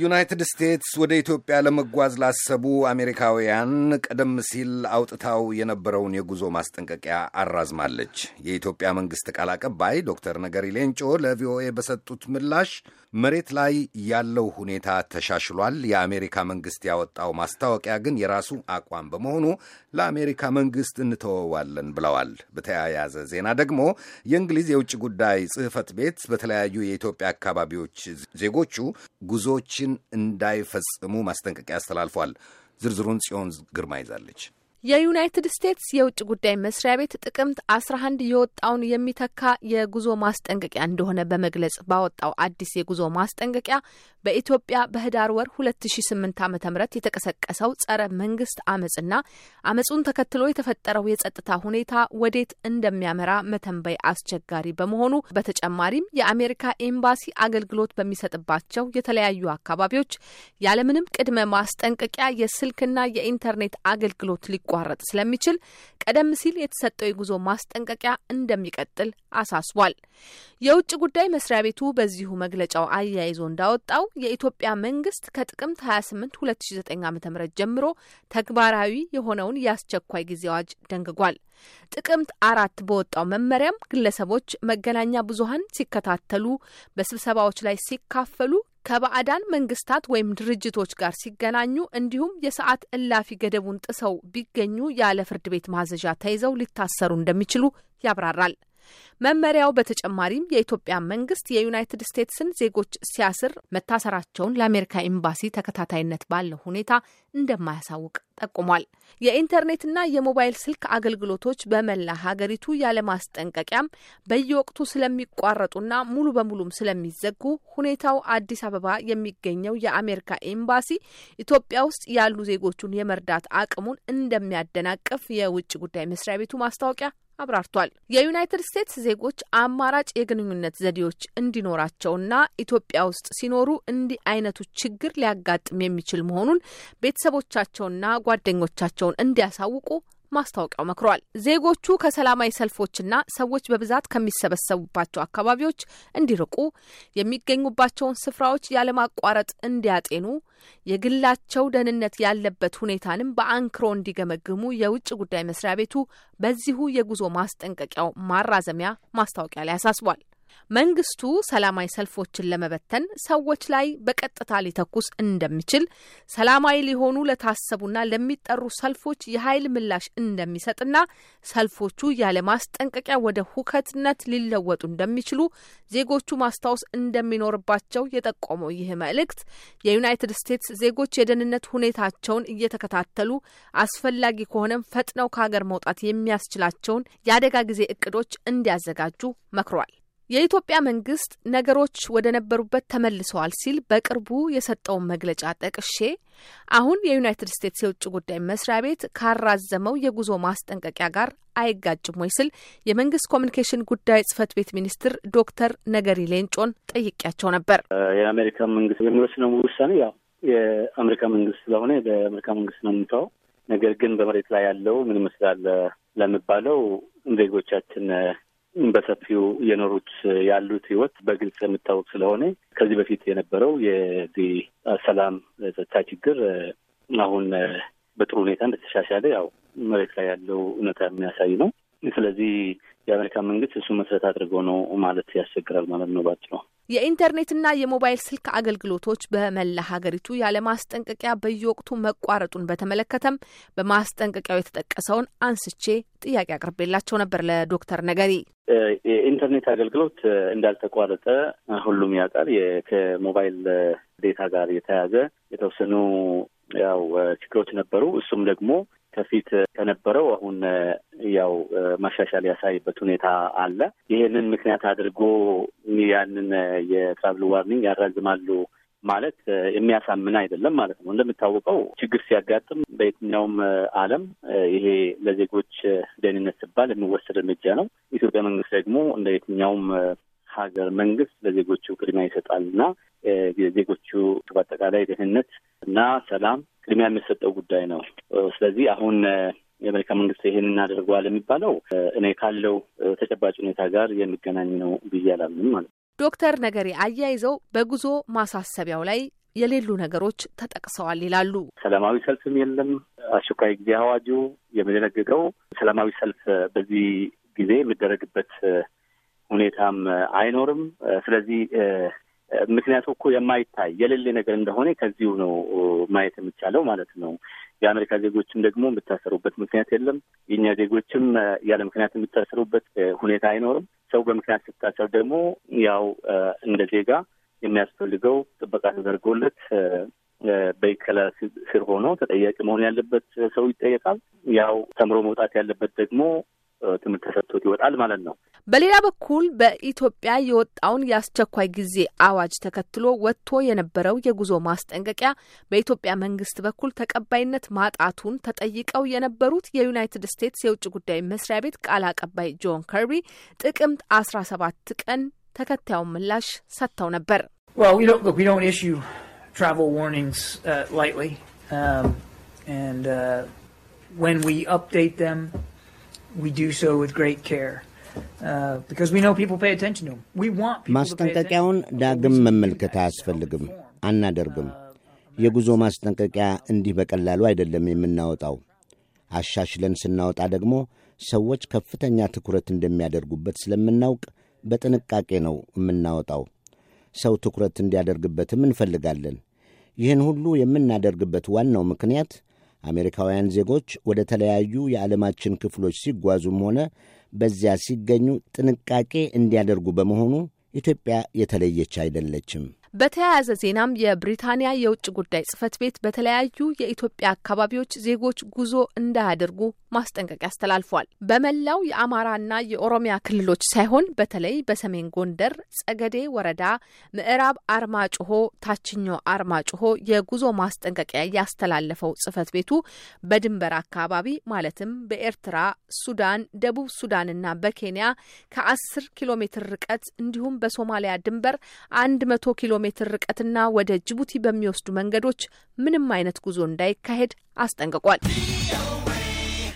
ዩናይትድ ስቴትስ ወደ ኢትዮጵያ ለመጓዝ ላሰቡ አሜሪካውያን ቀደም ሲል አውጥታው የነበረውን የጉዞ ማስጠንቀቂያ አራዝማለች። የኢትዮጵያ መንግሥት ቃል አቀባይ ዶክተር ነገሪ ሌንጮ ለቪኦኤ በሰጡት ምላሽ መሬት ላይ ያለው ሁኔታ ተሻሽሏል። የአሜሪካ መንግስት ያወጣው ማስታወቂያ ግን የራሱ አቋም በመሆኑ ለአሜሪካ መንግስት እንተወዋለን ብለዋል። በተያያዘ ዜና ደግሞ የእንግሊዝ የውጭ ጉዳይ ጽህፈት ቤት በተለያዩ የኢትዮጵያ አካባቢዎች ዜጎቹ ጉዞዎችን እንዳይፈጽሙ ማስጠንቀቂያ አስተላልፏል። ዝርዝሩን ጽዮን ግርማ ይዛለች። የዩናይትድ ስቴትስ የውጭ ጉዳይ መስሪያ ቤት ጥቅምት 11 የወጣውን የሚተካ የጉዞ ማስጠንቀቂያ እንደሆነ በመግለጽ ባወጣው አዲስ የጉዞ ማስጠንቀቂያ በኢትዮጵያ በህዳር ወር ስምንት ዓ ም የተቀሰቀሰው ጸረ መንግስት አመጽና አመፁን ተከትሎ የተፈጠረው የጸጥታ ሁኔታ ወዴት እንደሚያመራ መተንበይ አስቸጋሪ በመሆኑ በተጨማሪም የአሜሪካ ኤምባሲ አገልግሎት በሚሰጥባቸው የተለያዩ አካባቢዎች ያለምንም ቅድመ ማስጠንቀቂያ የስልክና የኢንተርኔት አገልግሎት ሊቆ ሊቋረጥ ስለሚችል ቀደም ሲል የተሰጠው የጉዞ ማስጠንቀቂያ እንደሚቀጥል አሳስቧል። የውጭ ጉዳይ መስሪያ ቤቱ በዚሁ መግለጫው አያይዞ እንዳወጣው የኢትዮጵያ መንግስት ከጥቅምት 28 2009 ም ጀምሮ ተግባራዊ የሆነውን የአስቸኳይ ጊዜ አዋጅ ደንግጓል። ጥቅምት አራት በወጣው መመሪያም ግለሰቦች መገናኛ ብዙኃን ሲከታተሉ፣ በስብሰባዎች ላይ ሲካፈሉ፣ ከባዕዳን መንግስታት ወይም ድርጅቶች ጋር ሲገናኙ እንዲሁም የሰዓት እላፊ ገደቡን ጥሰው ቢገኙ ያለ ፍርድ ቤት ማዘዣ ተይዘው ሊታሰሩ እንደሚችሉ ያብራራል። መመሪያው በተጨማሪም የኢትዮጵያ መንግስት የዩናይትድ ስቴትስን ዜጎች ሲያስር መታሰራቸውን ለአሜሪካ ኤምባሲ ተከታታይነት ባለው ሁኔታ እንደማያሳውቅ ጠቁሟል። የኢንተርኔትና የሞባይል ስልክ አገልግሎቶች በመላ ሀገሪቱ ያለማስጠንቀቂያም በየወቅቱ ስለሚቋረጡና ሙሉ በሙሉም ስለሚዘጉ ሁኔታው አዲስ አበባ የሚገኘው የአሜሪካ ኤምባሲ ኢትዮጵያ ውስጥ ያሉ ዜጎቹን የመርዳት አቅሙን እንደሚያደናቅፍ የውጭ ጉዳይ መስሪያ ቤቱ ማስታወቂያ አብራርቷል። የዩናይትድ ስቴትስ ዜጎች አማራጭ የግንኙነት ዘዴዎች እንዲኖራቸውና ኢትዮጵያ ውስጥ ሲኖሩ እንዲህ አይነቱ ችግር ሊያጋጥም የሚችል መሆኑን ቤተሰቦቻቸውና ጓደኞቻቸውን እንዲያሳውቁ ማስታወቂያው መክሯል። ዜጎቹ ከሰላማዊ ሰልፎችና ሰዎች በብዛት ከሚሰበሰቡባቸው አካባቢዎች እንዲርቁ፣ የሚገኙባቸውን ስፍራዎች ያለማቋረጥ እንዲያጤኑ፣ የግላቸው ደህንነት ያለበት ሁኔታንም በአንክሮ እንዲገመግሙ የውጭ ጉዳይ መስሪያ ቤቱ በዚሁ የጉዞ ማስጠንቀቂያው ማራዘሚያ ማስታወቂያ ላይ አሳስቧል። መንግስቱ ሰላማዊ ሰልፎችን ለመበተን ሰዎች ላይ በቀጥታ ሊተኩስ እንደሚችል፣ ሰላማዊ ሊሆኑ ለታሰቡና ለሚጠሩ ሰልፎች የኃይል ምላሽ እንደሚሰጥና ሰልፎቹ ያለማስጠንቀቂያ ወደ ሁከትነት ሊለወጡ እንደሚችሉ ዜጎቹ ማስታወስ እንደሚኖርባቸው የጠቆመው ይህ መልእክት የዩናይትድ ስቴትስ ዜጎች የደህንነት ሁኔታቸውን እየተከታተሉ አስፈላጊ ከሆነም ፈጥነው ከሀገር መውጣት የሚያስችላቸውን የአደጋ ጊዜ እቅዶች እንዲያዘጋጁ መክሯል። የኢትዮጵያ መንግስት ነገሮች ወደ ነበሩበት ተመልሰዋል ሲል በቅርቡ የሰጠውን መግለጫ ጠቅሼ አሁን የዩናይትድ ስቴትስ የውጭ ጉዳይ መስሪያ ቤት ካራዘመው የጉዞ ማስጠንቀቂያ ጋር አይጋጭም ወይ ስል የመንግስት ኮሚኒኬሽን ጉዳይ ጽህፈት ቤት ሚኒስትር ዶክተር ነገሪ ሌንጮን ጠይቄያቸው ነበር። የአሜሪካ መንግስት የሚወስነው ውሳኔ ያው የአሜሪካ መንግስት ስለሆነ በአሜሪካ መንግስት ነው የምታው። ነገር ግን በመሬት ላይ ያለው ምን ይመስላል ለሚባለው ዜጎቻችን በሰፊው የኖሩት ያሉት ህይወት በግልጽ የሚታወቅ ስለሆነ ከዚህ በፊት የነበረው የዚህ ሰላም ጸጥታ ችግር አሁን በጥሩ ሁኔታ እንደተሻሻለ ያው መሬት ላይ ያለው እውነታ የሚያሳይ ነው። ስለዚህ የአሜሪካ መንግስት እሱ መሰረት አድርጎ ነው ማለት ያስቸግራል ማለት ነው ባጭሩ። የኢንተርኔትና የሞባይል ስልክ አገልግሎቶች በመላ ሀገሪቱ ያለማስጠንቀቂያ በየወቅቱ መቋረጡን በተመለከተም በማስጠንቀቂያው የተጠቀሰውን አንስቼ ጥያቄ አቅርቤላቸው ነበር ለዶክተር ነገሪ። የኢንተርኔት አገልግሎት እንዳልተቋረጠ ሁሉም ያውቃል። ከሞባይል ዴታ ጋር የተያዘ የተወሰኑ ያው ችግሮች ነበሩ። እሱም ደግሞ ከፊት ከነበረው አሁን ያው ማሻሻል ያሳይበት ሁኔታ አለ። ይህንን ምክንያት አድርጎ ያንን የትራቭል ዋርኒንግ ያራዝማሉ ማለት የሚያሳምን አይደለም ማለት ነው። እንደሚታወቀው ችግር ሲያጋጥም በየትኛውም ዓለም ይሄ ለዜጎች ደህንነት ሲባል የሚወሰድ እርምጃ ነው። ኢትዮጵያ መንግስት ደግሞ እንደ የትኛውም ሀገር መንግስት ለዜጎቹ ቅድሚያ ይሰጣል እና የዜጎቹ በአጠቃላይ ደህንነት እና ሰላም ቅድሚያ የሚሰጠው ጉዳይ ነው። ስለዚህ አሁን የአሜሪካ መንግስት ይህን እናደርገዋል የሚባለው እኔ ካለው ተጨባጭ ሁኔታ ጋር የሚገናኝ ነው ብዬ አላምንም ማለት ነው። ዶክተር ነገሪ አያይዘው በጉዞ ማሳሰቢያው ላይ የሌሉ ነገሮች ተጠቅሰዋል ይላሉ። ሰላማዊ ሰልፍም የለም። አስቸኳይ ጊዜ አዋጁ የሚደነግገው ሰላማዊ ሰልፍ በዚህ ጊዜ የሚደረግበት ሁኔታም አይኖርም። ስለዚህ ምክንያቱ እኮ የማይታይ የሌለ ነገር እንደሆነ ከዚሁ ነው ማየት የሚቻለው ማለት ነው። የአሜሪካ ዜጎችም ደግሞ የምታሰሩበት ምክንያት የለም። የእኛ ዜጎችም ያለ ምክንያት የምታሰሩበት ሁኔታ አይኖርም። ሰው በምክንያት ስታሰር ደግሞ ያው እንደ ዜጋ የሚያስፈልገው ጥበቃ ተደርጎለት በይከላ ስር ሆኖ ተጠያቂ መሆን ያለበት ሰው ይጠየቃል። ያው ተምሮ መውጣት ያለበት ደግሞ ትምህርት ተሰጥቶት ይወጣል ማለት ነው። በሌላ በኩል በኢትዮጵያ የወጣውን የአስቸኳይ ጊዜ አዋጅ ተከትሎ ወጥቶ የነበረው የጉዞ ማስጠንቀቂያ በኢትዮጵያ መንግስት በኩል ተቀባይነት ማጣቱን ተጠይቀው የነበሩት የዩናይትድ ስቴትስ የውጭ ጉዳይ መስሪያ ቤት ቃል አቀባይ ጆን ከርቢ ጥቅምት አስራ ሰባት ቀን ተከታዩን ምላሽ ሰጥተው ነበር። when we update them we do so with great care Uh, ማስጠንቀቂያውን ዳግም መመልከት አያስፈልግም፣ አናደርግም። uh, uh, የጉዞ ማስጠንቀቂያ እንዲህ በቀላሉ አይደለም የምናወጣው። አሻሽለን ስናወጣ ደግሞ ሰዎች ከፍተኛ ትኩረት እንደሚያደርጉበት ስለምናውቅ በጥንቃቄ ነው የምናወጣው። ሰው ትኩረት እንዲያደርግበትም እንፈልጋለን። ይህን ሁሉ የምናደርግበት ዋናው ምክንያት አሜሪካውያን ዜጎች ወደ ተለያዩ የዓለማችን ክፍሎች ሲጓዙም ሆነ በዚያ ሲገኙ ጥንቃቄ እንዲያደርጉ በመሆኑ ኢትዮጵያ የተለየች አይደለችም። በተያያዘ ዜናም የብሪታንያ የውጭ ጉዳይ ጽህፈት ቤት በተለያዩ የኢትዮጵያ አካባቢዎች ዜጎች ጉዞ እንዳያደርጉ ማስጠንቀቂያ አስተላልፏል። በመላው የአማራና የኦሮሚያ ክልሎች ሳይሆን በተለይ በሰሜን ጎንደር ጸገዴ ወረዳ ምዕራብ አርማጭሆ፣ ታችኛው አርማጭሆ የጉዞ ማስጠንቀቂያ ያስተላለፈው ጽህፈት ቤቱ በድንበር አካባቢ ማለትም በኤርትራ፣ ሱዳን፣ ደቡብ ሱዳንና በኬንያ ከአስር ኪሎ ሜትር ርቀት እንዲሁም በሶማሊያ ድንበር አንድ መቶ ኪሎ ሜትር ርቀትና ወደ ጅቡቲ በሚወስዱ መንገዶች ምንም አይነት ጉዞ እንዳይካሄድ አስጠንቅቋል።